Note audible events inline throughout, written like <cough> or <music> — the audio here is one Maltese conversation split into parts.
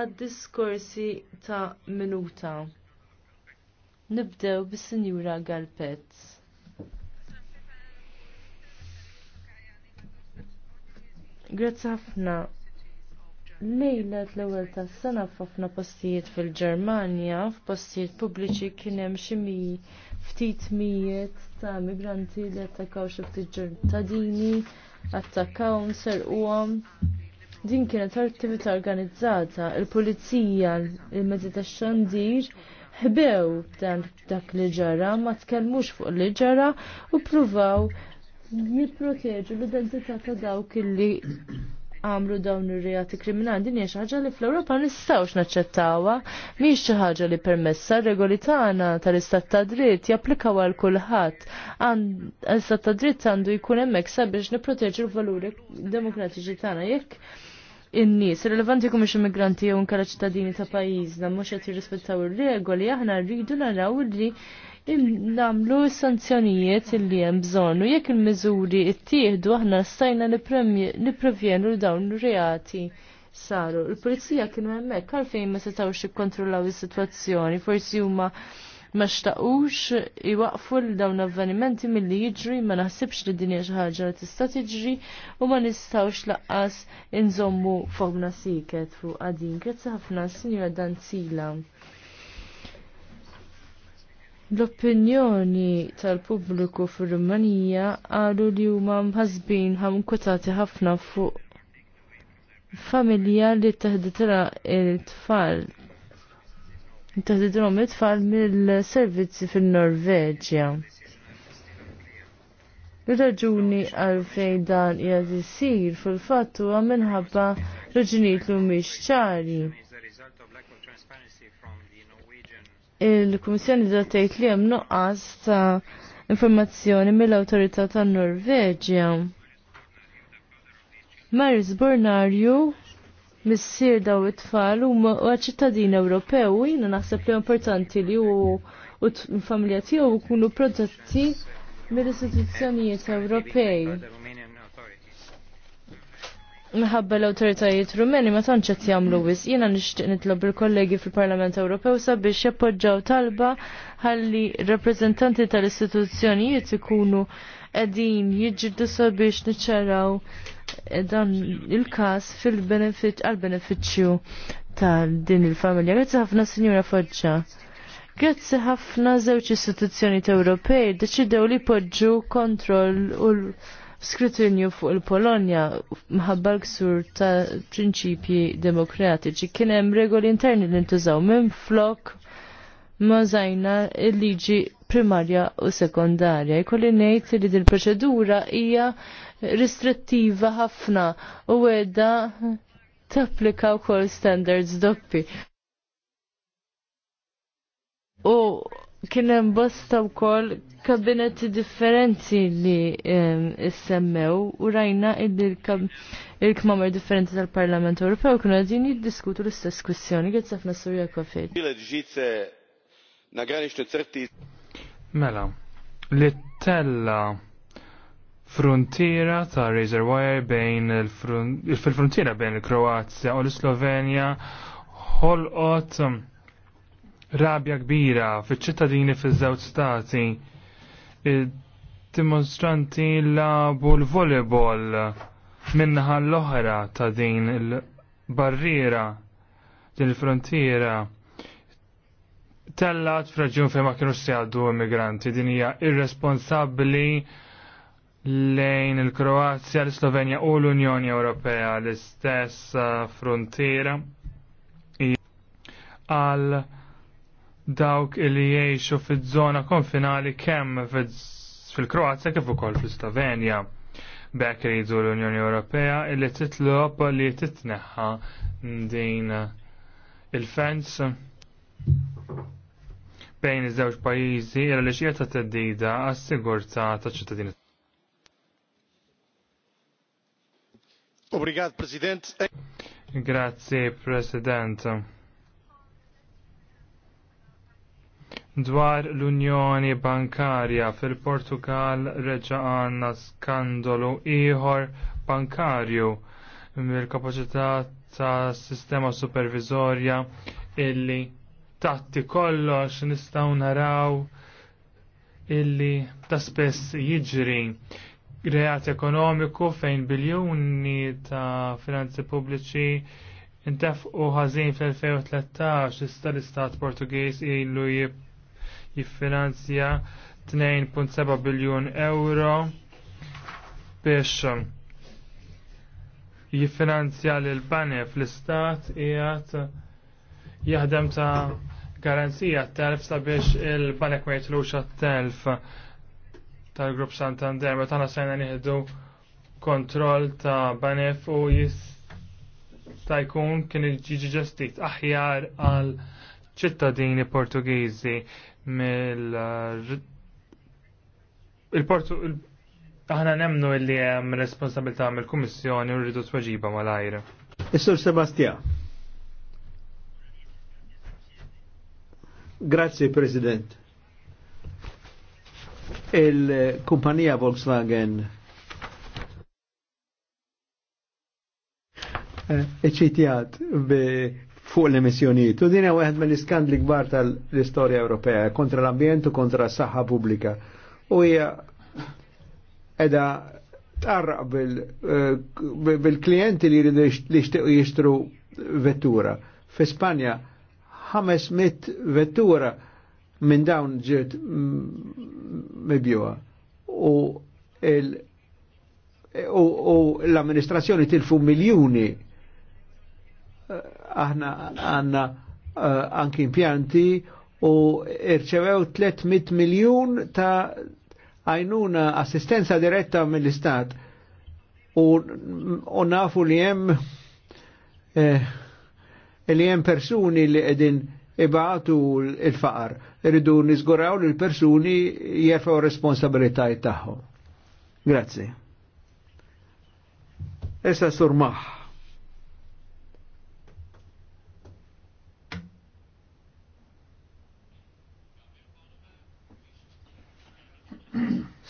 għad-diskorsi ta' minuta. Nibdew bis-Sinjura Galpetz. Grazzi ħafna. Lejla l-ewwel tas-sena f'ħafna postijiet fil-Ġermanja, f'postijiet pubbliċi kien hemm xi ftit mijiet ta' migranti li attakaw xi ftit ġurtadini, attakawhom, serquhom. Din kienet attività organizzata, il-pulizija, il-mezzi tax-xandir, ħbew dak li ġara, ma tkellmux fuq li ġara u pruvaw niproteġu l-identità ta' dawk li għamlu dawn ir-reati kriminali din hija ħaġa li fl-Ewropa nistgħux naċċettawha, mhix xi ħaġa li permessa regoli tagħna tal-istat ta' dritt japplikaw għal kulħadd. L-istat ta' dritt għandu jkun hemmhekk sabiex nipproteġu l-valuri demokratiċi tagħna jekk in-nies. Rilevanti kum immigranti jew inkara ċittadini ta' pajjiżna mhux qed jirrispettaw ir-regoli aħna rridu naraw li namlu sanzjonijiet li hemm bżonn u jekk il-miżuri ttieħdu aħna stajna nipprevjenu dawn reati saru. Il-pulizija kienu hemmhekk għalfejn ma setgħux jikkontrollaw is-sitwazzjoni, forsi huma ma xtaqux iwaqfu l dawn avvenimenti milli jiġri ma naħsibx li dinja xi ħaġa li tista' tiġri u ma nistgħux laqqas inżommu fogna siket fuq għadin. Grazzi ħafna, Sinjora Danzila. L-opinjoni tal-pubbliku fir-Rumanija għalu li huma mħasbin kutati ħafna fuq familja li teħditilha il-tfal ta' tidrom it-tfal mill-servizzi fil-Norveġja. Il-raġuni għalfejn dan jgħad jisir fil-fattu għam minħabba raġunijiet l mhix ċari. Il-Kummissjoni da tgħid li hemm noqqas ta' informazzjoni mill-Awtorità tan-Norveġja. Maris Bornarju missir daw it-tfal u ċittadin Ewropew u jina naħseb li importanti li u familja tiegħu jkunu protetti mill-istituzzjonijiet Ewropej. Minħabba l-autoritajiet rumeni ma tantx qed jagħmlu wis. Jiena nixtieq nitlob il-kollegi fil-Parlament Ewropew sabiex jappoġġaw talba ħalli rappreżentanti tal-istituzzjonijiet ikunu qegħdin jiġġieldu sabiex niċċaraw dan il-kas fil-benefit għal benefitxju tal din il-familja. Grazzi ħafna, Sinjura Forġa. Grazzi ħafna żewġ istituzzjoni Ewropej deċidew li podġu kontroll u skrutinju fuq il-Polonja mħabba l-ksur ta' prinċipji demokratiċi. Kien hemm regoli interni li ntużaw minn flok ma il-liġi primarja u sekondarja. Ikolli ngħid li din proċedura hija ristrittiva ħafna u edha tapplika wkoll standards doppi. U kien hemm bosta wkoll kabinetti differenti li ehm, semmew, u rajna il-kmamer differenti tal-Parlament Ewropew kienu qegħdin jiddiskutu l-istess kwistjoni għed safna Surja kofed. Mela, li tella frontiera ta' razor wire bejn il-frontiera bejn il-Kroazja u l-Slovenja ħolqot um, rabja kbira fiċ-ċittadini fiż-żewġ stati. Dimostranti labu l-volleyball minnaħa l-oħra ta' din il-barriera din il-frontiera tellat fraġun fejn ma kienu se immigranti din hija irresponsabbli lejn il-Kroazja, l-Slovenja u l-Unjoni Ewropea l-istess uh, frontiera għal dawk li jgħixu fiż-żona konfinali kemm fil-Kroazja kif ukoll fil slovenja Bekk jridu l-Unjoni Ewropea li titlob li titneħħa din il-fens bejn iż-żewġ pajjiżi għal li xieta teddida għas-sigurtà taċ-ċittadini Obrigat, President. Grazie, President. Dwar l-Unjoni Bankarja fil-Portugal reġa għanna skandolu ieħor bankarju mill-kapacità ta' sistema supervizorja illi tatti kollox nistaw naraw illi ta' spess jiġri reat ekonomiku fejn biljuni ta' finanzi pubbliċi intef u ħazin fl-2013 istal l-istat Portugiż ilu jiffinanzja 2.7 biljun euro biex jiffinanzja l-bane fl-istat jgħat jaħdem ta' garanzija t-telf sabiex il-banek ma jitlux għat-telf tal-Grupp Santander ma meta sajna nieħdu kontroll ta' Banef u ta' jkun kien iġiġi ġestit aħjar għal ċittadini Portugiżi mill il-Portu aħna nemnu li hemm responsabilità mill-Kummissjoni u rridu tweġiba mal-ajra. Is-Sur Sebastian. Grazie President il-kumpanija Volkswagen eh, eċitjat fuq l emissjoniet U dinja għed mill-iskandli gbar tal-istoria Ewropea kontra l-ambjent u kontra s-saħħa pubblika. U hija edha tarraq bil-klienti eh, li jridu li jishtru vettura. Fi Spanja 500 vettura minn dawn ġirt mibjuwa u l-amministrazzjoni tilfu miljuni eh, aħna għanna eh, anki impjanti u irċevew 300 miljon ta' għajnuna assistenza diretta mill-istat u nafu li jem eh, li jem persuni li edin ibaħtu il-faqar. Irridu nizguraw li l-persuni jerfaw responsabilitajt tagħhom. Grazie. Issa surmaħ.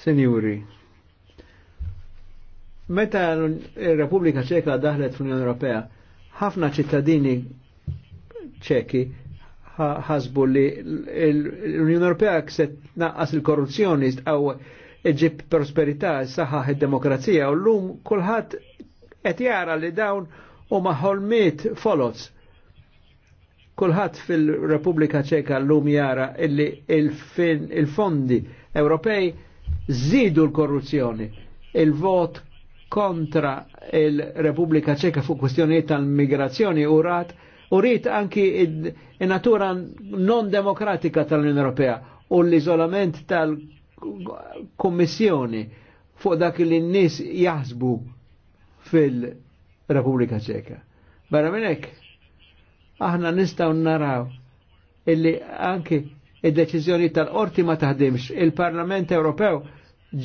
Senjuri, meta l-Repubblika Ċeka daħlet fl-Unjoni Ewropea, ħafna ċittadini ċeki ħasbu li l-Unjoni Ewropea kset naqqas il-korruzzjoni għaw iġib prosperità, saħħaħ id-demokrazija u l-lum kulħadd qed jara li dawn u maħolmiet folots. Kulħadd fil-Repubblika Ċeka l-lum jara illi il-fondi Ewropej zidu l-korruzzjoni. Il-vot kontra il-Repubblika Ċeka fuq kwestjonijiet tal-migrazzjoni u rat u rrit anki natura non demokratika tal-Unjoni Ewropea u l-izolament tal-Kommissjoni fuq dak li n-nis jaħsbu fil-Repubblika Ċeka. Barra minnek, aħna nistaw naraw illi anki id-deċizjoni tal-qorti ma taħdimx. Il-Parlament Ewropew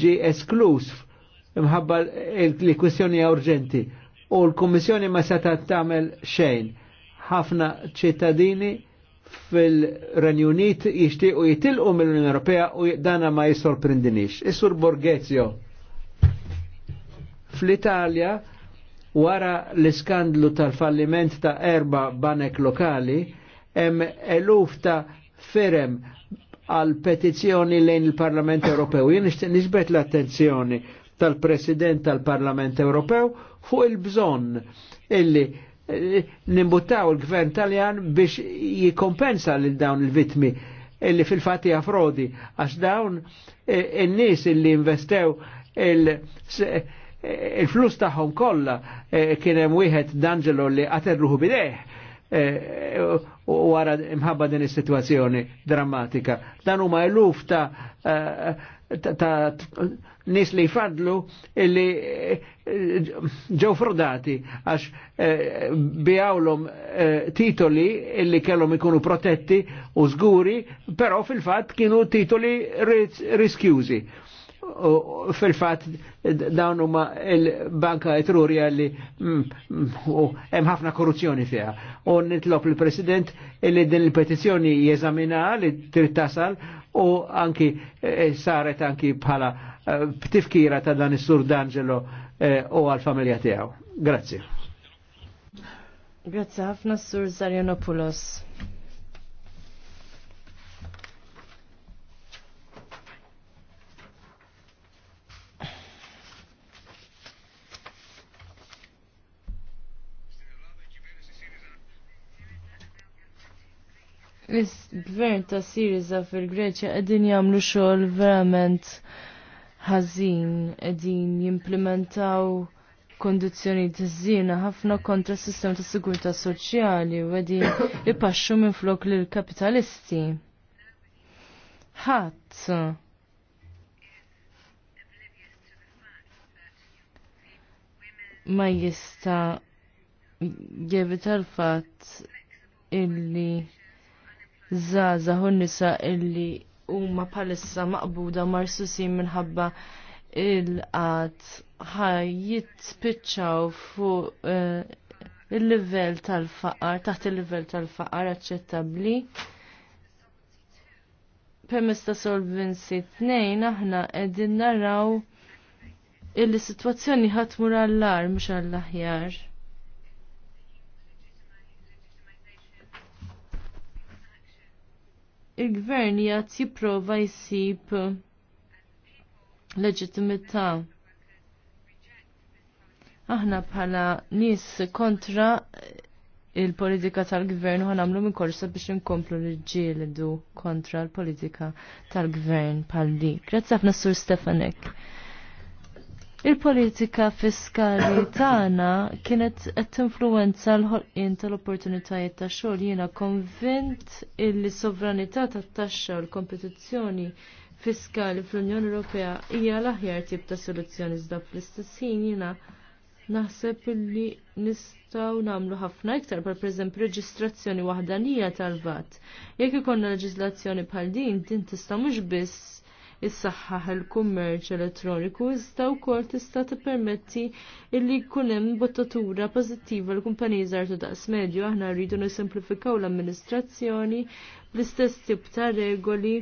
ġi esklus imħabba il-kwistjoni urġenti u l-Kommissjoni ma seta tagħmel xejn ħafna ċittadini fil-Renju Unit jixtiequ jitilqu mill-Unjoni Ewropea u dana ma jisorprindinix. Isur Borgezio. fl-Italja wara l-iskandlu tal-falliment ta' erba banek lokali, hemm eluf ta' firem għal petizzjoni lejn il-Parlament Ewropew. Jien nixbet l-attenzjoni tal-President tal-Parlament Ewropew fuq il-bżonn illi nimbuttaw il-gvern taljan biex jikompensa lil dawn il-vitmi illi fil-fatti frodi għax dawn in-nies e, illi investew e, il-flus tagħhom kollha e, kien hemm wieħed D'Angelo li qatel ruħu bideh Eh, u wara imħabba din is-sitwazzjoni drammatika. Dan huma eluf ta' eh, ta' nis li fadlu illi eh, ġew frodati għax bijawlom titoli illi kellhom ikunu protetti u zguri, però fil fat kienu titoli riskjuzi. Ris u fil-fat dawn huma il-banka etruria li hemm ħafna korruzzjoni fiha. U nitlob il-President li din il-petizzjoni jeżamina li trid tasal u anki eh, saret anki bħala ptifkira eh, ta' dan is-Sur D'Angelo eh, u għal-familja tiegħu. Grazzi. Grazzi ħafna Sur Zarjanopoulos. l gvern ta' Siriza fil-Greċja qegħdin jagħmlu xogħol verament ħażin, qegħdin jimplementaw kondizjoni Żina ħafna kontra s-sistema ta' sigurtà soċjali u qegħdin <coughs> ipaxxu minn flok l kapitalisti. Ħadd ma jista' jevita l-fatt illi zaza nisa illi huma bħalissa maqbuda marsusin minħabba il-qat ħajjit jitspiċċaw fuq eh, il-livell tal-faqar, taħt il-livell tal-faqar aċċettabbli. Permess ta' solvency 2 aħna qegħdin naraw il-sitwazzjoni ħatmur għall-ar mhux għall-aħjar. il-gvern jgħat jipprova jsib leġitimità. Aħna bħala nies kontra il-politika tal-gvern u għanamlu minn korsa biex nkomplu l-ġildu kontra l-politika tal-gvern pal-li. Grazie għafna sur Stefanek. Il-politika fiskali tagħna kienet qed tinfluwenza l-ħolqien tal-opportunitajiet ta' xogħol jiena konvint il-sovranità tat-taxxa u l-kompetizzjoni fiskali fl-Unjoni Ewropea hija l-aħjar tip ta' soluzzjoni iżda fl-istess ħin jiena naħseb li nistgħu nagħmlu ħafna iktar per preżempju reġistrazzjoni waħdanija tal-vat. Jekk ikollna leġiżlazzjoni bħal din din tista' mhux biss is is-saħħaħ il-kummerċ elettroniku iżda wkoll tista' tippermetti illi jkun hemm bottatura pożittiva l kumpaniji żgħar daqs medju aħna rridu nisimplifikaw l-amministrazzjoni bl-istess tip ta' regoli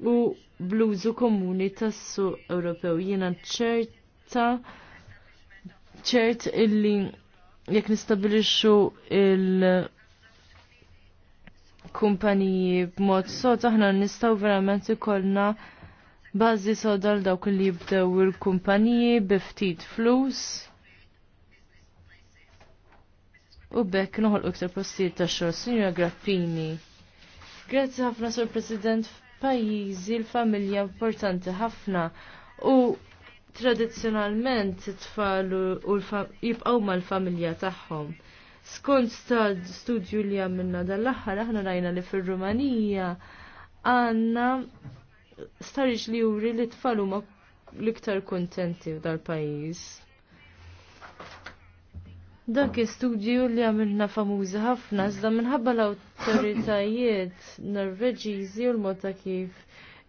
u bl-użu komuni tas su Ewropew. Jiena ċerta ċert illi jekk nistabilixxu il- kumpaniji b'mod sot aħna nistgħu verament ikollna bażi sodal dawk li jibdew il-kumpaniji bi ftit flus. U bekk noħol iktar postijiet ta' xogħol, Sinjura Grappini. Grazzi ħafna sur President f'pajjiżi l-familja importanti ħafna u tradizzjonalment it-tfal u jibqgħu mal-familja tagħhom. Skont stad studju li għamilna dal-aħħar aħna rajna li fir-Rumanija għandna starriġ li juri li tfal huma l-iktar kontenti dal-pajjiż. Dak iż-istudju li għamilna famużi ħafna iżda minħabba l-awtoritajiet Norveġiżi u l-mota kif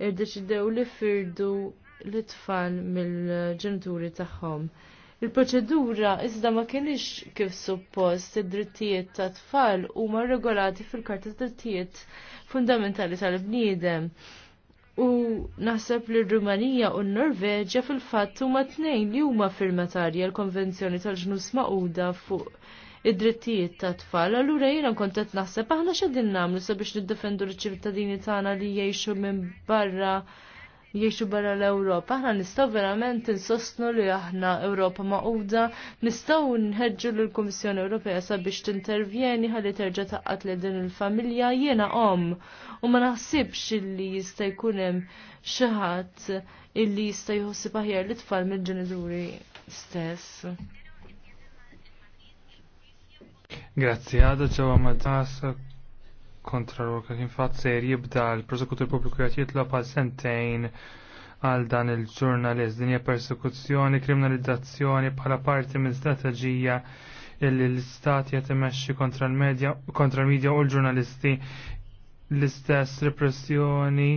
irdeċidew li firdu l-tfal mill-ġenituri tagħhom. Il-proċedura iżda ma kienix kif suppost id-drittijiet ta' tfal huma regolati fil-Karta Drittijiet Fundamentali tal-Bniedem u naħseb li r-Rumanija u n-Norveġja fil-fatt huma tnejn li huma firmatarja l-Konvenzjoni tal-Ġnus Maquda fuq id-drittijiet ta' tfal, allura jiena kont qed naħseb aħna x'għedin nagħmlu sabiex niddefendu l-ċittadini tagħna li jgħixu minn barra jiexu barra l-Europa. Aħna nistaw verament insostnu li aħna Europa maquda, nistaw nħedġu l-Komissjoni Ewropea sabiex t-intervjeni ħalli terġa taqqat li din il-familja jiena om. U ma naħsibx illi jista' jkunem xaħat illi jista' jħossi aħjar li tfal mill-ġenituri stess. Grazzi, għada ġewa ma' kontra l-orka kien fatt ser jibda l-prosekutur pubbliku jgħat jitlob għal sentejn għal dan il-ġurnalist din hija persekuzzjoni, kriminalizzazzjoni bħala parti minn strateġija illi l-istat jgħat imexxi kontra l-medja kontra l-medja u l-ġurnalisti l-istess repressjoni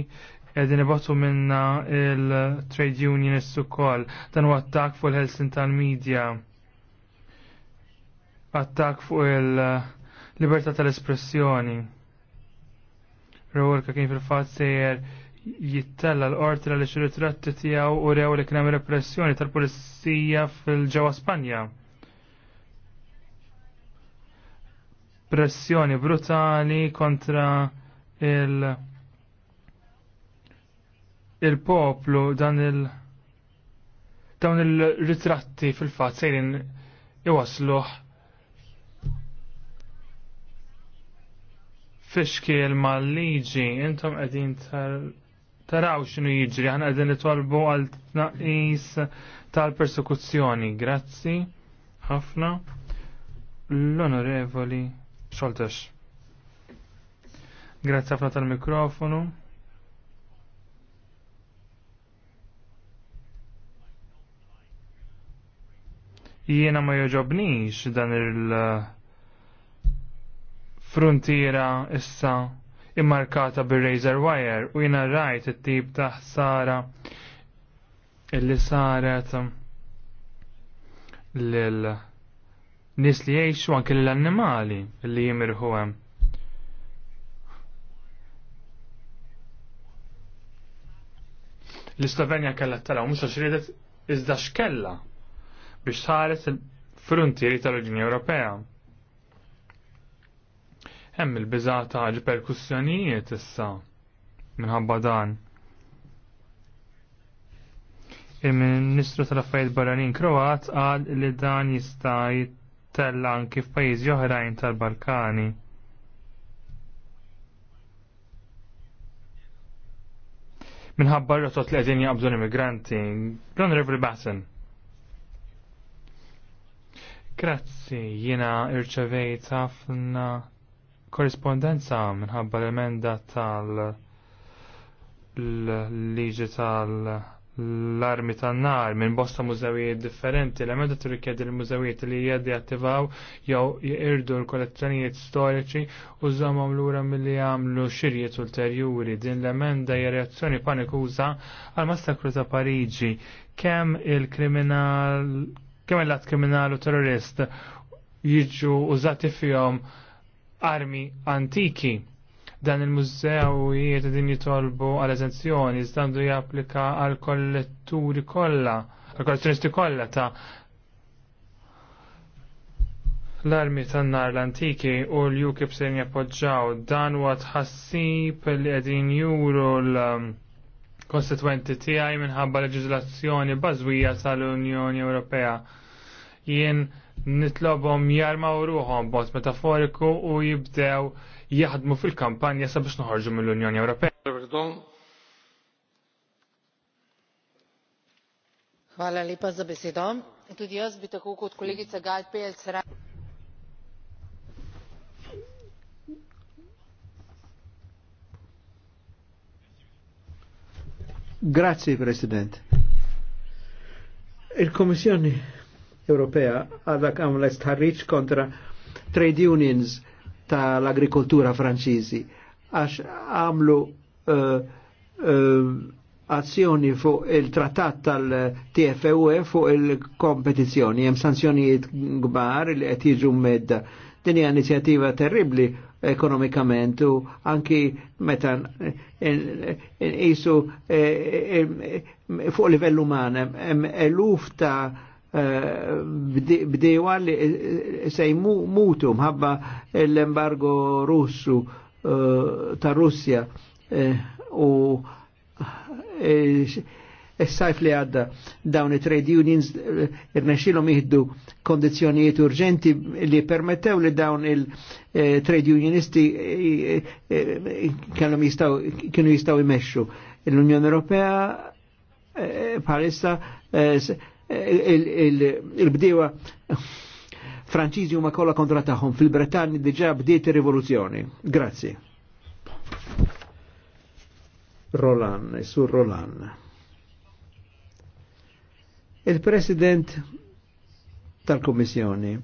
edin ibatu minna il-trade issu ukoll dan huwa attak fuq il-ħelsin tal-medja attak fuq il-libertà tal-espressjoni. Rewolka kien fil-fat sejjer jittella l-qorti li xi ritratti tiegħu u rew li kien hemm repressjoni tal-pulizija fil-ġewwa Spanja. Pressjoni brutali kontra il- il-poplu dan il- dawn il-ritratti fil-fatt sejrin iwasluh fiskiel mal-liġi, intom qegħdin taraw x'inhu jiġri, aħna qegħdin nitolbu għal tnaqis tal-persekuzzjoni. Grazzi ħafna l-onorevoli Xoltex. Grazzi ħafna tal-mikrofonu. jiena ma joġobnix dan il- frontiera issa immarkata bil-razor wire u jina rajt it-tip ta' ħsara illi saret lil nis li jiexu anke l-annimali illi jimirħu hemm. L-Slovenja kella tala, mux għax iżda xkella biex saret il-frontieri tal-Unjoni Ewropea hemm il-biżata l-perkussjonijiet issa minħabba dan. Il-Ministru tal-Affarijiet Barranin Kroat qal li dan jista' jittella anki f'pajjiżi oħrajn tal-Balkani. minħabba rotot li għedin jabżu l-immigranti. Don River Bassen. Grazzi, jina irċevejt ħafna korrispondenza minħabba l-emenda tal-liġi tal-armi tan-nar minn bosta mużewijiet differenti. L-emenda tirrikjedi l-mużewijiet li jgħaddi attivaw jew jirdu l-kollezzjonijiet storiċi u żommhom lura milli jagħmlu xirjiet ulterjuri. Din l-emenda hija reazzjoni panikuża għal massakru ta' Pariġi kemm il-kriminal kemm il-lat u terrorist jiġu użati fihom armi antiki. Dan il-mużew jiet din jitolbu għal eżenzjoni, iżdandu japplika għal kolletturi kollha, għal kolletturisti kollha ta' l-armi tan-nar l-antiki u l-UKIP se jappoġġaw dan huwa tħassib li qegħdin juru l konstituenti tiegħi minħabba leġiżlazzjoni bażwija tal-Unjoni Ewropea. Jien nitlobhom jarmaw ruħom bot metaforiku u jibdew jaħdmu fil-kampanja sabiex noħorġu mill-Unjoni Ewropea. Hvala lepa za besedo. Tudi jaz bi tako kot kolegica Gal Pelc rad. Grazie President. Il-Komissjoni Ewropea għadak għamlet tħarriċ kontra trade unions tal-agrikoltura franċiżi għax għamlu azzjoni fuq il-trattat tal-TFUE fuq il-kompetizjoni, jem sanzjonijiet gbar li qed jiġu medda. Din hija inizjattiva terribli ekonomikament u anki meta isu fuq livell uman hemm eluf ta' Eh, bdew li eh, eh, sej mutu mħabba l-embargo russu ta' Russja u s-sajf li għadda dawni trade unions irnexilom jihdu kondizjonijiet urġenti li permettew li dawn il-trade unionisti kienu jistaw, jistaw L-Unjoni Ewropea palissa il bdewa franċizi huma kollha kontra tagħhom fil-Bretanni diġa bdiet ir-rivoluzzjoni. Grazzi. Roland, sur Roland. Il-President tal komissjoni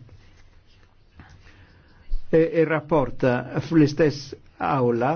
e, il-rapporta fl-istess awla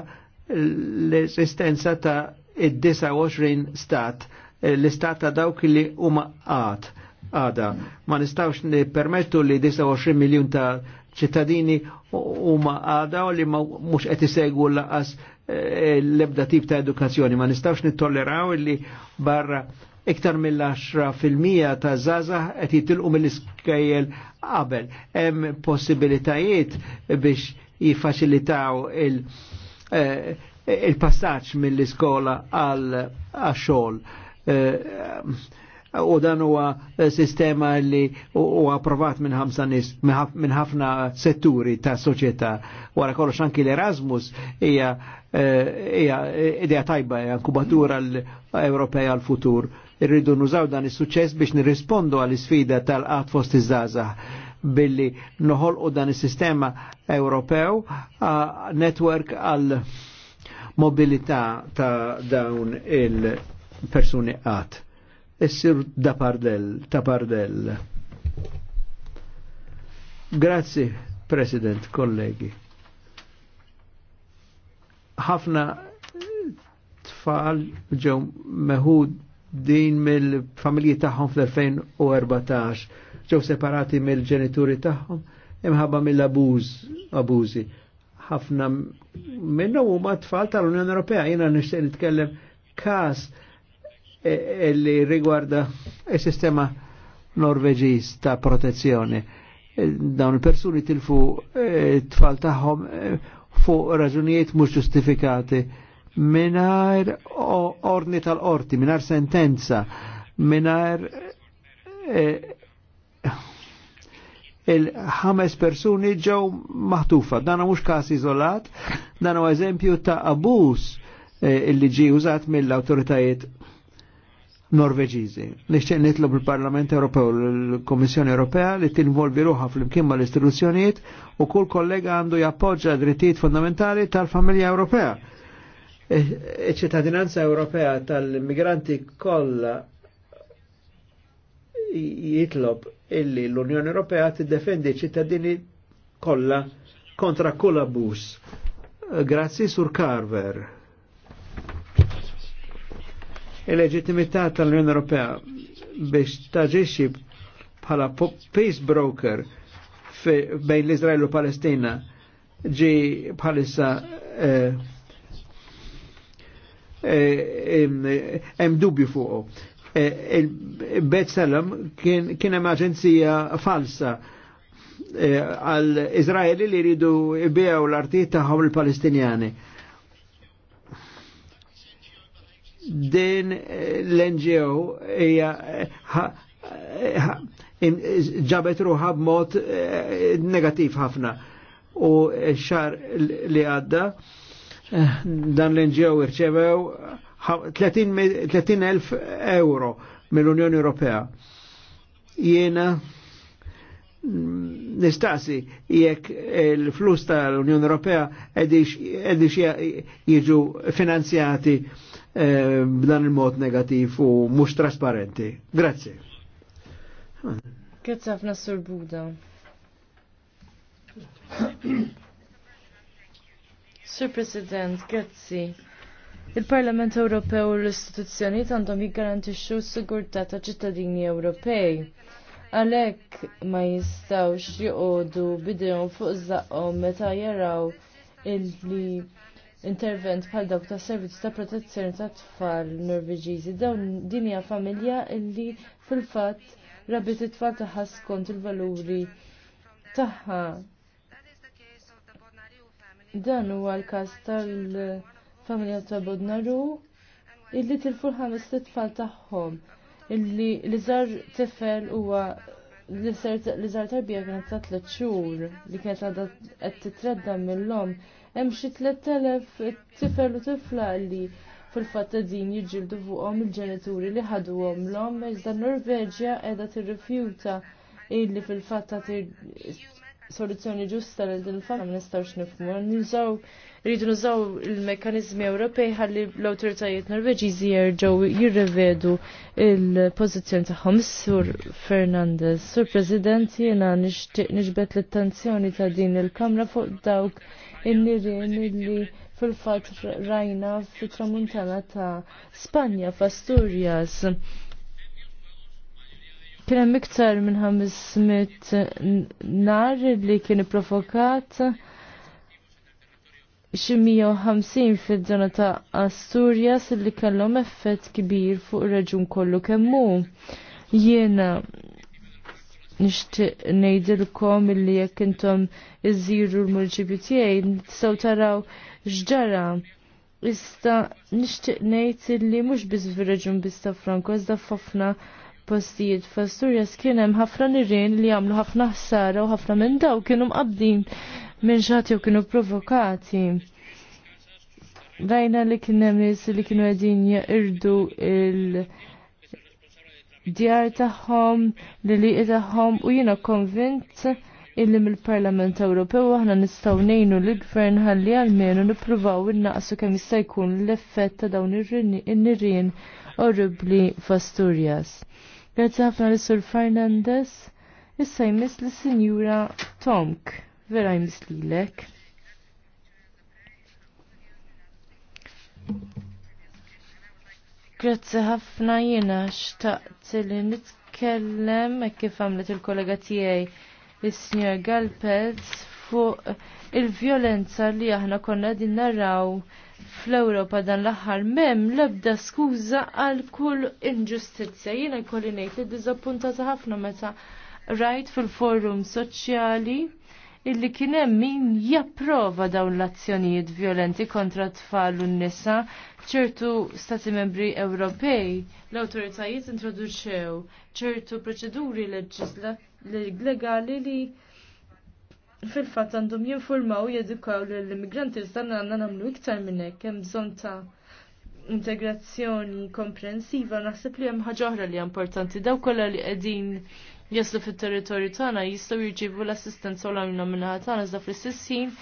l-esistenza ta' id-29 stat l-istat ta' dawk li huma għad għada. Ma nistawx permettu li 29 miljon ta' ċittadini huma għada u li mhux qed isegwu laqas eh, l-ebda tip ta' edukazzjoni. Ma nistawx nittolleraw li barra iktar mill-10% ta' zaza qed jitilqu mill-iskejjel qabel. Hemm possibilitajiet biex jiffaċilitaw il- eh, passaġġ passaċ mill-iskola għal xogħol Eh, u dan huwa eh, sistema li huwa approvat minn ħamsa nis minn ħafna setturi ta' soċjetà. Wara kollox anki l-Erasmus hija eh, hija idea tajba hija inkubatura l-Ewropea għal futur. Irridu nużaw dan is-suċċess biex nirrispondu għall isfida tal qat fost iż-żgħażagħ billi noħolqu dan is-sistema Ewropew network għal mobilità ta' dawn il- persuni għat. Essir da pardel, ta pardel. Grazzi, President, kollegi. Ħafna tfal ġew meħud din mill-familji tagħhom fl-2014 ġew separati mill-ġenituri tagħhom imħabba mill-abuż abużi. Ħafna minnhom huma tfal tal-Unjoni Ewropea jiena nixtieq nitkellem każ E, e li rigwarda il-sistema norveġiż ta' protezzjoni. E, dawn il-persuni tilfu e, tfal tagħhom fuq raġunijiet mhux ġustifikati mingħajr orni tal qorti mingħajr sentenza, mingħajr il-ħames persuni ġew maħtufa. Dan mhux każ iżolat, dan eżempju ta' abus illi ġi użat mill-awtoritajiet Norveġiżi. Nixtieq nitlob il-Parlament Ewropew l-Kommissjoni Ewropea li tinvolvi fl-imkien ma l istituzzjonijiet u kull kollega għandu jappoġġa drittijiet fundamentali tal-familja Ewropea. Iċ-ċittadinanza e, Ewropea tal-migranti kollha jitlob illi l-Unjoni Ewropea tiddefendi ċittadini kollha kontra kull abbuż. Grazzi Sur Carver il-leġittimità tal-Unjoni Ewropea biex taġixxi bħala peace broker bejn l-Izrael u Palestina ġi bħalissa hemm eh, eh, dubju fuqu. Eh, Il-Bet Salem kien hemm aġenzija falsa għal Izraeli li jridu jbiegħu l-artijiet tagħhom il-Palestinjani din eh, l-NGO hija eh, eh, ġabet ruħa b'mod negativ ħafna u xar li għadda dan l-NGO irċevew 30.000 euro mill-Unjoni Ewropea. Jena mm, nistaqsi jekk il-flus tal-Unjoni Ewropea edix jieġu finanzjati Eh, b'dan il-mod negativ u mhux trasparenti. Grazzi. Grazzi ħafna Sur Buda. Sur President, grazzi. Il-Parlament Ewropew u l-istituzzjoni għandhom jiggarantixxu s-sigurtà ta' ċittadini Ewropej. Għalhekk ma jistgħux joqogħdu bidejhom fuq żaqhom meta jaraw illi intervent bħal dawk ta' servizz ta' protezzjoni ta' tfal Norveġiżi. Dawn din hija familja illi fil-fatt rabbiet it-tfal tagħha skont il-valuri tagħha. Dan huwa l-każ tal-familja ta' Bodnaru illi tilfu ħames tfal tagħhom illi li żar tifel huwa l żar tarbija kienet ta' tliet xhur li kienet għadha qed titredda mill-lom hemm xi 3000 tifel u tifla li fil-fatt din jiġġieldu fuqhom il-ġenituri li ħaduhom l-hom iżda Norveġja qiegħda tirrifjuta illi fil-fatt ta' soluzzjoni ġusta li din il-fatt ma nistgħux nifhmu. Nużaw rridu nużaw il-mekkaniżmi Ewropej ħalli l-awtoritajiet Norveġiżi jerġgħu jirrevedu il-pożizzjoni tagħhom. Sur Fernandez, Sur President, jiena nixtieq nixbet l-attenzjoni ta' din il-Kamra fuq dawk in-nirien li fil-fatt rajna fit-tramuntana ta' Spanja f'Asturjas. Kien hemm iktar minn 500 nar li kien ipprovokat xi 150 fil-żona ta' Asturias li kellhom effett kbir fuq ir-reġun kollu kemm hu. Jiena nishtiq nejdilkom illi jekk intom iżiru l-murġibju nistaw taraw x'ġara. Issa nixtieq ngħid illi mhux biss fir biz biss ta' Franko, iżda f'ħafna postijiet f'Asturjas kien hemm ħafna nirin li għamlu ħafna ħsara u ħafna minn daw kienu mqabdin minn xagħti u kienu provokati. Rajna li kien hemm li kienu qegħdin jirdu il- djar tagħhom, li liqi tagħhom u jiena konvint illi mill-Parlament Ewropew aħna nistgħu ngħinu l-gvern ħalli għalmenu nippruvaw innaqsu kemm jista' jkun l-effett ta' dawn in-nirien orribli f'Asturjas. Grazzi ħafna l sur Fernandez, issa jmiss l-Sinjura Tomk, vera jmiss lilek. Grazzi ħafna jiena xtaqt li nitkellem kif għamlet il-kollega tiegħi is-Sinjor Galpez fuq il-vjolenza li aħna konna din naraw fl-Ewropa dan l-aħħar mem lebda skuża għal kull inġustizzja. Jiena jkolli ngħid li diżappuntata ħafna meta rajt fil-forum soċjali illi kien hemm min japprova dawn l-azzjonijiet violenti kontra tfal u nisa ċertu stati membri Ewropej l-awtoritajiet introduċew ċertu proċeduri legali li fil-fatt għandhom jinformaw jedukaw l-immigranti dan għanna nagħmlu iktar minn hekk hemm bżonn ta' integrazzjoni komprensiva naħseb li hemm ħaġa oħra li importanti daw kollha li qegħdin jaslu fit-territorju tagħna jistgħu jirġibu l-assistenza u l għamina minnaħa tagħna iżda fl-istess ħin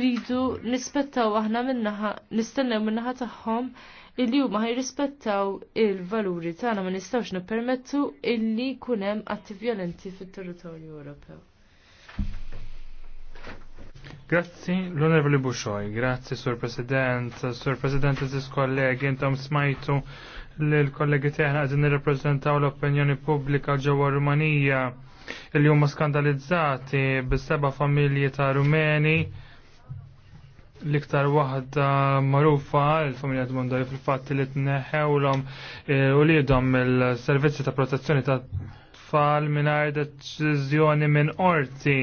iridu nispettaw aħna minnaħa nistennew minnaħa tagħhom illi huma jirrispettaw il-valuri tagħna ma nistgħux nippermettu illi jkun hemm atti vjolenti fit-territorju Ewropew. Grazzi l-Onorevoli Buxoj, grazzi Sur President, Sur President Aziz kollegi, intom smajtu l-kollegi teħna għadin nirrepreżentaw l-opinjoni pubblika ġewwa Rumanija il huma skandalizzati bis-seba' familji ta' Rumeni l-iktar waħda marufa l-familja Mondoj fil fatti li tneħewlhom e, u lidhom il-servizzi ta' protezzjoni ta' tfal mingħajr deċiżjoni minn qorti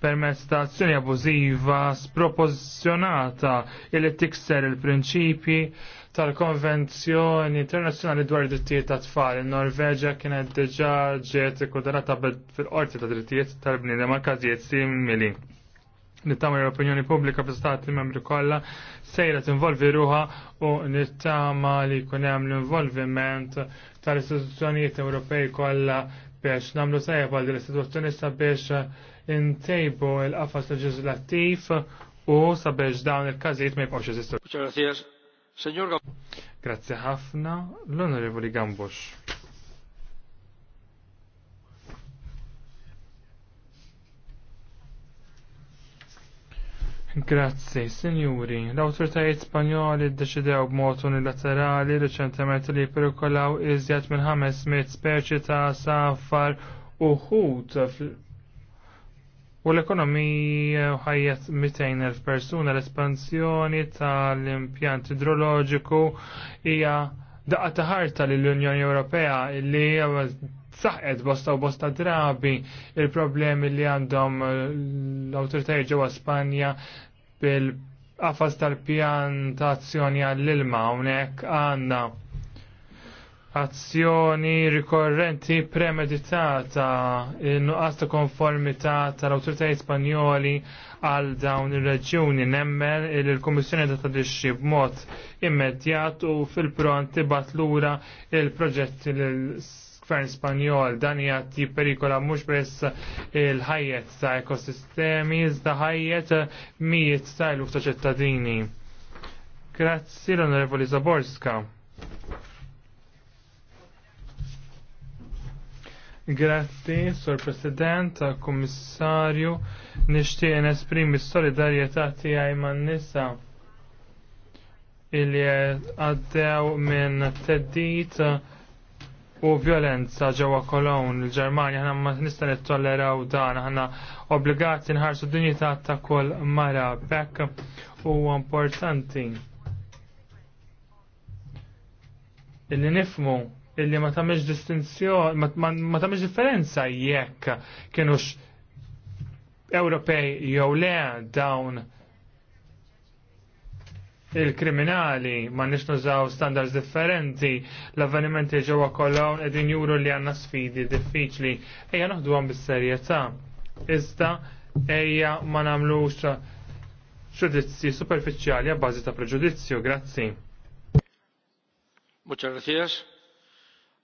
permezz ta' azzjoni abużiva sproporzjonata illi tikser il-prinċipji tal-Konvenzjoni Internazzjonali dwar id-drittijiet ta' tfal. Il-Norveġa kienet diġà ġiet ikkudenata fil-qorti ta' drittijiet tal-bniedem ma' każijiet simili. Nittama l-opinjoni pubblika fl-stati membri kollha sejra tinvolvi ruha u nittama li jkun hemm l-involviment tal-istituzzjonijiet Ewropej kollha biex namlu tajba l istituzzjoni sabiex intejbu l qafas leġislattiv u sabiex dawn il-każijiet ma jibqawx jeżistu. Grazie ħafna l-Onorevoli Gambush. Grazzi, sinjuri, l-autoritajiet spanjoli ddeċidew b'mod unilaterali riċentement li perikolaw iżjat minn 500 speċi ta' safar uħut U l-ekonomija ħajjet 200.000 persuna l-espansjoni tal-impjant idroloġiku hija daqqa ta' ħarta lill unjoni Ewropea li saħqet bosta u bosta drabi il-problemi li għandhom l-autoritajiet ġewwa Spanja bil-qafas tal-pjan ta' azzjoni għall-ilma hawnhekk għandna azzjoni rikorrenti premeditata in-nuqqas ta' konformità tal-awtoritajiet Spanjoli għal dawn ir-reġjuni nemmen il-Kummissjoni ta' tadixxi b'mod immedjat u fil-pront tibat lura il-proġetti l gvern Spanjol dan jgħat perikola mhux biss il ħajet ta' ekosistemi iżda ħajjet mijiet ta' iluf ta' ċittadini. Grazzi l-Onorevoli Zaborska. Grazzi, Sur President, Kommissarju, nishtiq nesprimi s-solidarjetà tiegħi man-nisa illi għaddew minn teddit uh, u violenza ġewwa Kolon, il-Ġermanja ħna ma nista' nittolleraw dan, ħana obbligati nħarsu dinjità ta' kull mara bekk huwa importanti. Illi nifmu illi ma tagħmilx distinzjoni, ma tagħmilx differenza jekk kienux Ewropej jew le dawn il-kriminali, ma nix nużaw standards differenti, l-avvenimenti ġewwa kollawn edin juru li għanna sfidi diffiċli, eja naħdu għan bis-serjetà. Iżda eja ma namlux ġudizzji superficiali għabbażi ta' preġudizzju, grazzi. Muchas gracias.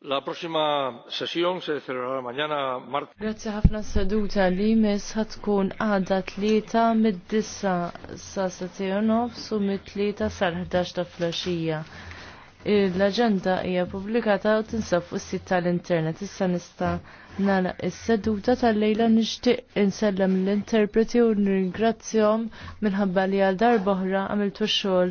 La prossima session se celebrerà mañana martes. Grazie ħafna seduta li hat ħatkun għada tlieta mid-dissa sa setijonof su mid-tlieta sar 11 ta' flasġija. L-agenda hija pubblikata u tinsab fuq sit tal-internet. Issa nista' nara is-seduta tal-lejla nixtieq insellem l-interpreti u nringrazzjahom minħabba li għal darba oħra għamiltu xogħol